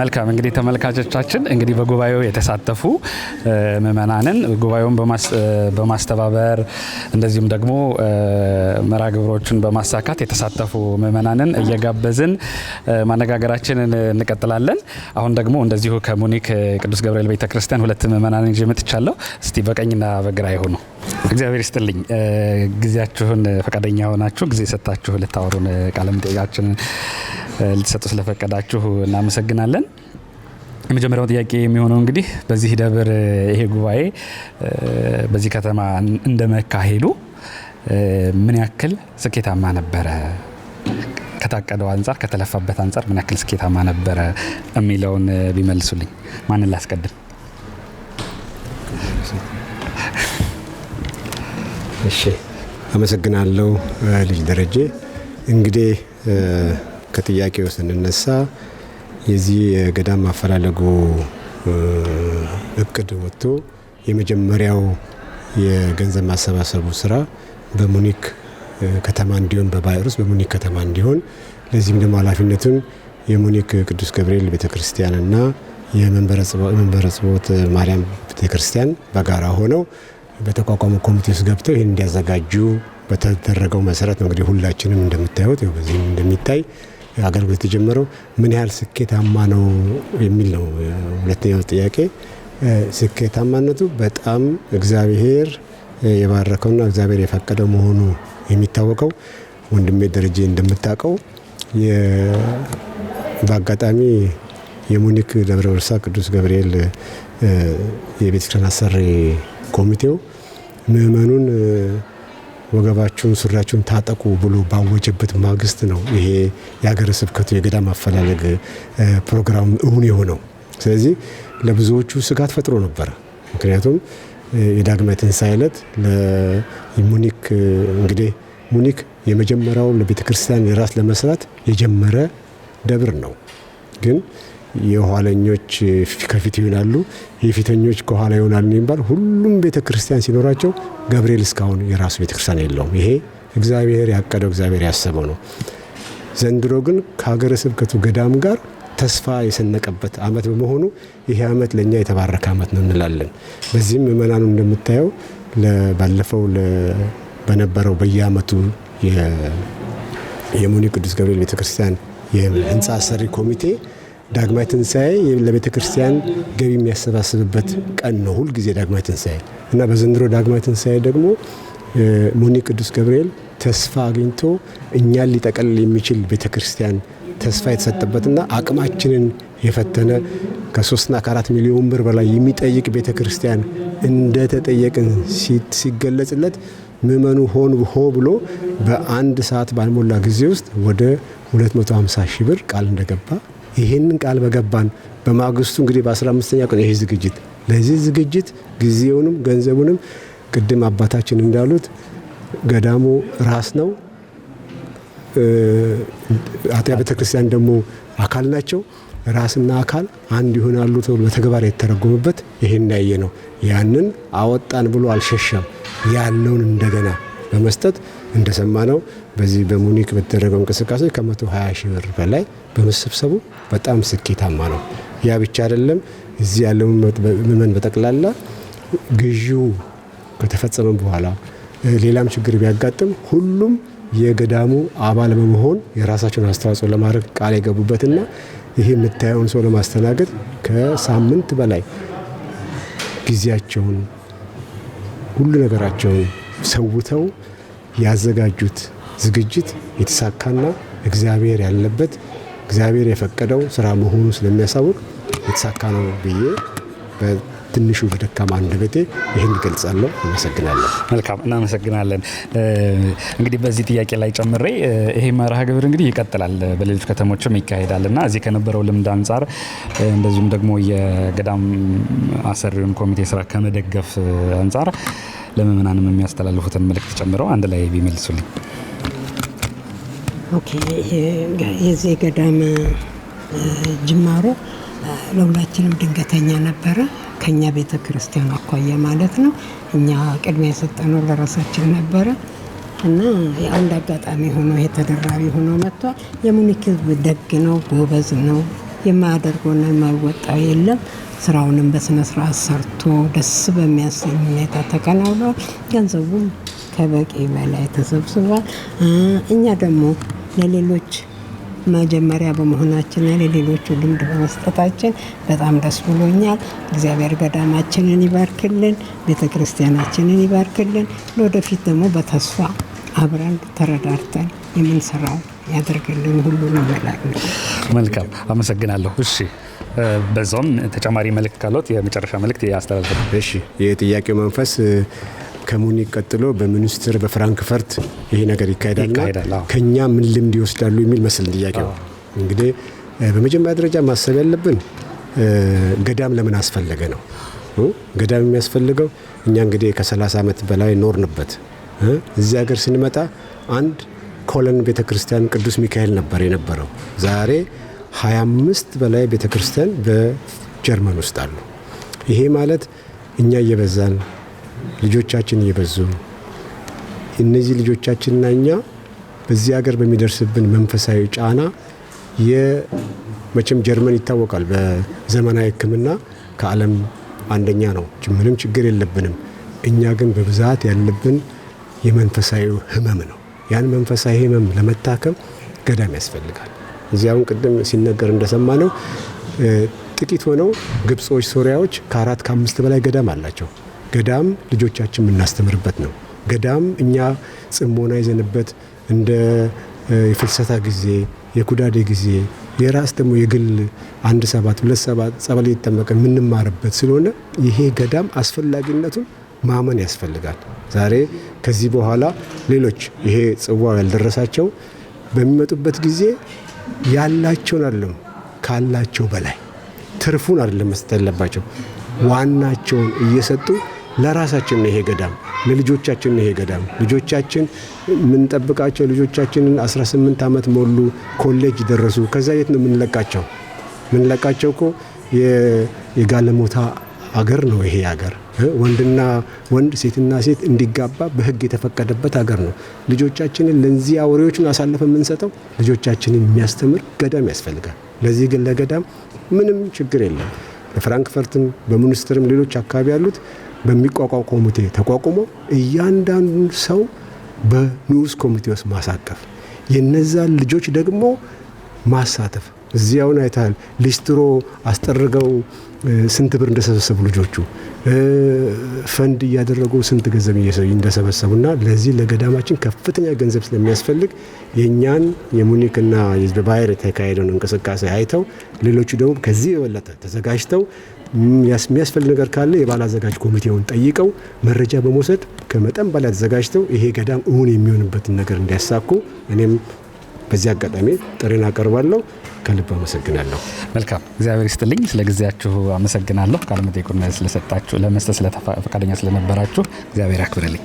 መልካም እንግዲህ ተመልካቾቻችን እንግዲህ በጉባኤው የተሳተፉ ምእመናንን ጉባኤውን በማስተባበር እንደዚሁም ደግሞ መርሃ ግብሮቹን በማሳካት የተሳተፉ ምእመናንን እየጋበዝን ማነጋገራችንን እንቀጥላለን። አሁን ደግሞ እንደዚሁ ከሙኒክ ቅዱስ ገብርኤል ቤተክርስቲያን ሁለት ምእመናንን ይዤ መጥቻለሁ። እስቲ በቀኝና በግራ ይሁኑ። እግዚአብሔር ይስጥልኝ ጊዜያችሁን ፈቃደኛ ሆናችሁ ጊዜ ሰጥታችሁ ልታወሩን ቃለ መጠይቃችንን ልትሰጡ ስለፈቀዳችሁ እናመሰግናለን። የመጀመሪያው ጥያቄ የሚሆነው እንግዲህ በዚህ ደብር ይሄ ጉባኤ በዚህ ከተማ እንደመካሄዱ ምን ያክል ስኬታማ ነበረ? ከታቀደው አንጻር ከተለፋበት አንጻር ምን ያክል ስኬታማ ነበረ የሚለውን ቢመልሱልኝ። ማንን ላስቀድም? እሺ፣ አመሰግናለሁ ልጅ ደረጀ። እንግዲህ ከጥያቄው ስንነሳ የዚህ የገዳም ማፈላለጉ እቅድ ወጥቶ የመጀመሪያው የገንዘብ ማሰባሰቡ ስራ በሙኒክ ከተማ እንዲሆን በባይሩስ በሙኒክ ከተማ እንዲሆን ለዚህም ደግሞ ኃላፊነቱን የሙኒክ ቅዱስ ገብርኤል ቤተክርስቲያንና የመንበረ ጽቦት ማርያም ቤተክርስቲያን በጋራ ሆነው በተቋቋሙ ኮሚቴ ውስጥ ገብተው ይህን እንዲያዘጋጁ በተደረገው መሰረት ነው እንግዲህ ሁላችንም እንደምታዩት በዚህም እንደሚታይ አገልግሎት የተጀመረው ምን ያህል ስኬታማ ነው የሚል ነው ሁለተኛው ጥያቄ። ስኬታማነቱ በጣም እግዚአብሔር የባረከውና እግዚአብሔር የፈቀደው መሆኑ የሚታወቀው ወንድሜ ደረጀ እንደምታውቀው በአጋጣሚ የሙኒክ ደብረ ቅዱስ ገብርኤል የቤተክርስቲያን አሰሪ ኮሚቴው ምእመኑን ወገባችሁን ሱሪያችሁን ታጠቁ ብሎ ባወጀበት ማግስት ነው ይሄ የሀገረ ስብከቱ የገዳ ማፈላለግ ፕሮግራም እውን የሆነው። ስለዚህ ለብዙዎቹ ስጋት ፈጥሮ ነበረ። ምክንያቱም የዳግማዊ ትንሣኤ ዕለት ሙኒክ እንግዲህ ሙኒክ የመጀመሪያው ለቤተ ክርስቲያን የራስ ለመስራት የጀመረ ደብር ነው ግን የኋለኞች ከፊት ይሆናሉ፣ የፊተኞች ከኋላ ይሆናሉ የሚባል ሁሉም ቤተ ክርስቲያን ሲኖራቸው ገብርኤል እስካሁን የራሱ ቤተ ክርስቲያን የለውም። ይሄ እግዚአብሔር ያቀደው እግዚአብሔር ያሰበው ነው። ዘንድሮ ግን ከሀገረ ስብከቱ ገዳም ጋር ተስፋ የሰነቀበት ዓመት በመሆኑ ይሄ ዓመት ለእኛ የተባረከ ዓመት ነው እንላለን። በዚህም ምእመናኑ እንደምታየው ባለፈው በነበረው በየዓመቱ የሙኒ ቅዱስ ገብርኤል ቤተክርስቲያን የህንፃ ሰሪ ኮሚቴ ዳግማዊ ትንሣኤ ለቤተ ክርስቲያን ገቢ የሚያሰባስብበት ቀን ነው ሁልጊዜ ዳግማዊ ትንሣኤ እና በዘንድሮ ዳግማዊ ትንሣኤ ደግሞ ሙኒ ቅዱስ ገብርኤል ተስፋ አግኝቶ እኛን ሊጠቀልል የሚችል ቤተ ክርስቲያን ተስፋ የተሰጠበትና አቅማችንን የፈተነ ከሶስትና ከአራት ሚሊዮን ብር በላይ የሚጠይቅ ቤተ ክርስቲያን እንደተጠየቅን ሲገለጽለት ምመኑ ሆን ሆ ብሎ በአንድ ሰዓት ባልሞላ ጊዜ ውስጥ ወደ 250 ሺህ ብር ቃል እንደገባ ይህንን ቃል በገባን በማግስቱ እንግዲህ በ15ኛ ቀን ይሄ ዝግጅት ለዚህ ዝግጅት ጊዜውንም ገንዘቡንም ቅድም አባታችን እንዳሉት ገዳሙ ራስ ነው፣ አጥቢያ ቤተክርስቲያን ደግሞ አካል ናቸው። ራስና አካል አንድ ይሆናሉ ተብሎ በተግባር የተረጎመበት ይህን ያየ ነው። ያንን አወጣን ብሎ አልሸሻም። ያለውን እንደገና በመስጠት እንደሰማ ነው። በዚህ በሙኒክ በተደረገው እንቅስቃሴ ከ120 ሺህ ብር በላይ በመሰብሰቡ በጣም ስኬታማ ነው። ያ ብቻ አይደለም። እዚህ ያለው ምእመን በጠቅላላ ግዢው ከተፈጸመ በኋላ ሌላም ችግር ቢያጋጥም ሁሉም የገዳሙ አባል በመሆን የራሳቸውን አስተዋጽኦ ለማድረግ ቃል የገቡበትና ይህ የምታየውን ሰው ለማስተናገድ ከሳምንት በላይ ጊዜያቸውን ሁሉ ነገራቸውን ሰውተው ያዘጋጁት ዝግጅት የተሳካና እግዚአብሔር ያለበት እግዚአብሔር የፈቀደው ስራ መሆኑ ስለሚያሳውቅ የተሳካ ነው ብዬ በትንሹ በደካማ አንደበቴ ይህን ገልጻለሁ። አመሰግናለን። መልካም እናመሰግናለን። እንግዲህ በዚህ ጥያቄ ላይ ጨምሬ ይሄ መርሃ ግብር እንግዲህ ይቀጥላል፣ በሌሎች ከተሞችም ይካሄዳል እና እዚህ ከነበረው ልምድ አንጻር እንደዚሁም ደግሞ የገዳም አሰሪውን ኮሚቴ ስራ ከመደገፍ አንጻር ለምእመናንም የሚያስተላልፉትን መልእክት ጨምረው አንድ ላይ ቢመልሱልኝ። የዚህ ገዳም ጅማሮ ለሁላችንም ድንገተኛ ነበረ። ከኛ ቤተ ክርስቲያን አኳያ ማለት ነው። እኛ ቅድሚያ የሰጠነው ለራሳችን ነበረ እና የአንድ አጋጣሚ ሆኖ የተደራቢ ሆኖ መጥቷል። የሙኒክ ደግ ነው፣ ጎበዝ ነው። የማያደርገውና የማይወጣው የለም። ስራውንም በስነ ስርዓት ሰርቶ ደስ በሚያሰኝ ሁኔታ ተከናውኗል። ገንዘቡም ከበቂ በላይ ተሰብስቧል። እኛ ደግሞ ለሌሎች መጀመሪያ በመሆናችንና ለሌሎቹ ልምድ በመስጠታችን በጣም ደስ ብሎኛል። እግዚአብሔር ገዳማችንን ይባርክልን፣ ቤተ ክርስቲያናችንን ይባርክልን። ለወደፊት ደግሞ በተስፋ አብረን ተረዳርተን የምንሰራው ያደርግልን ሁሉ ነው። መልካም አመሰግናለሁ። እሺ በዞን ተጨማሪ መልእክት ካሉት የመጨረሻ መልእክት ያስተላልፈል። እሺ የጥያቄው መንፈስ ከሙኒክ ቀጥሎ በሚኒስትር በፍራንክፈርት ይሄ ነገር ይካሄዳልና ከኛ ምን ልምድ ይወስዳሉ የሚል ጥያቄ ጥያቄው። እንግዲህ በመጀመሪያ ደረጃ ማሰብ ያለብን ገዳም ለምን አስፈለገ ነው። ገዳም የሚያስፈልገው እኛ እንግዲህ ከ30 ዓመት በላይ ኖርንበት። እዚህ ሀገር ስንመጣ አንድ ኮለን ቤተክርስቲያን ቅዱስ ሚካኤል ነበር የነበረው ዛሬ 25 በላይ ቤተክርስቲያን በጀርመን ውስጥ አሉ። ይሄ ማለት እኛ እየበዛን ልጆቻችን እየበዙ እነዚህ ልጆቻችንና እኛ በዚህ ሀገር በሚደርስብን መንፈሳዊ ጫና መቼም ጀርመን ይታወቃል በዘመናዊ ሕክምና ከዓለም አንደኛ ነው። ምንም ችግር የለብንም። እኛ ግን በብዛት ያለብን የመንፈሳዊ ህመም ነው። ያን መንፈሳዊ ህመም ለመታከም ገዳም ያስፈልጋል። እዚያውን ቅድም ሲነገር እንደሰማ ነው ጥቂት ሆነው ግብጾች፣ ሶሪያዎች ከአራት ከአምስት በላይ ገዳም አላቸው። ገዳም ልጆቻችን የምናስተምርበት ነው። ገዳም እኛ ጽሞና ይዘንበት እንደ የፍልሰታ ጊዜ፣ የኩዳዴ ጊዜ፣ የራስ ደግሞ የግል አንድ ሰባት ሁለት ሰባት ጸበል እየተጠመቀ የምንማርበት ስለሆነ ይሄ ገዳም አስፈላጊነቱን ማመን ያስፈልጋል። ዛሬ ከዚህ በኋላ ሌሎች ይሄ ጽዋው ያልደረሳቸው በሚመጡበት ጊዜ ያላቸውን አይደለም ካላቸው በላይ ትርፉን አይደለም መስጠት ያለባቸው ዋናቸውን እየሰጡ ለራሳችን ነው ይሄ ገዳም፣ ለልጆቻችን ነው ይሄ ገዳም። ልጆቻችን የምንጠብቃቸው ልጆቻችንን 18 ዓመት ሞሉ፣ ኮሌጅ ደረሱ። ከዛ የት ነው የምንለቃቸው? የምንለቃቸው እኮ የጋለሞታ አገር ነው ይሄ አገር። ወንድና ወንድ ሴትና ሴት እንዲጋባ በህግ የተፈቀደበት ሀገር ነው። ልጆቻችንን ለዚህ አውሬዎች አሳልፈ የምንሰጠው ልጆቻችንን የሚያስተምር ገዳም ያስፈልጋል። ለዚህ ግን ለገዳም ምንም ችግር የለም። በፍራንክፈርትም በሚኒስትርም ሌሎች አካባቢ ያሉት በሚቋቋም ኮሚቴ ተቋቁሞ እያንዳንዱ ሰው በንዑስ ኮሚቴ ውስጥ ማሳቀፍ የነዛን ልጆች ደግሞ ማሳተፍ እዚያውን አይታል ሊስትሮ አስጠርገው ስንት ብር እንደሰበሰቡ ልጆቹ ፈንድ እያደረጉ ስንት ገንዘብ እንደሰበሰቡና ለዚህ ለገዳማችን ከፍተኛ ገንዘብ ስለሚያስፈልግ የእኛን የሙኒክና የህዝበ ባሕር የተካሄደውን እንቅስቃሴ አይተው ሌሎቹ ደግሞ ከዚህ የበለጠ ተዘጋጅተው የሚያስፈልግ ነገር ካለ የባለ አዘጋጅ ኮሚቴውን ጠይቀው መረጃ በመውሰድ ከመጠን በላይ ተዘጋጅተው ይሄ ገዳም እውን የሚሆንበትን ነገር እንዲያሳኩ እኔም በዚህ አጋጣሚ ጥሬን አቀርባለሁ። ከልብ አመሰግናለሁ። መልካም እግዚአብሔር ይስጥልኝ። ስለ ጊዜያችሁ አመሰግናለሁ። ቃለ ስለሰጣችሁ ለመስጠት ፈቃደኛ ስለነበራችሁ እግዚአብሔር ያክብርልኝ።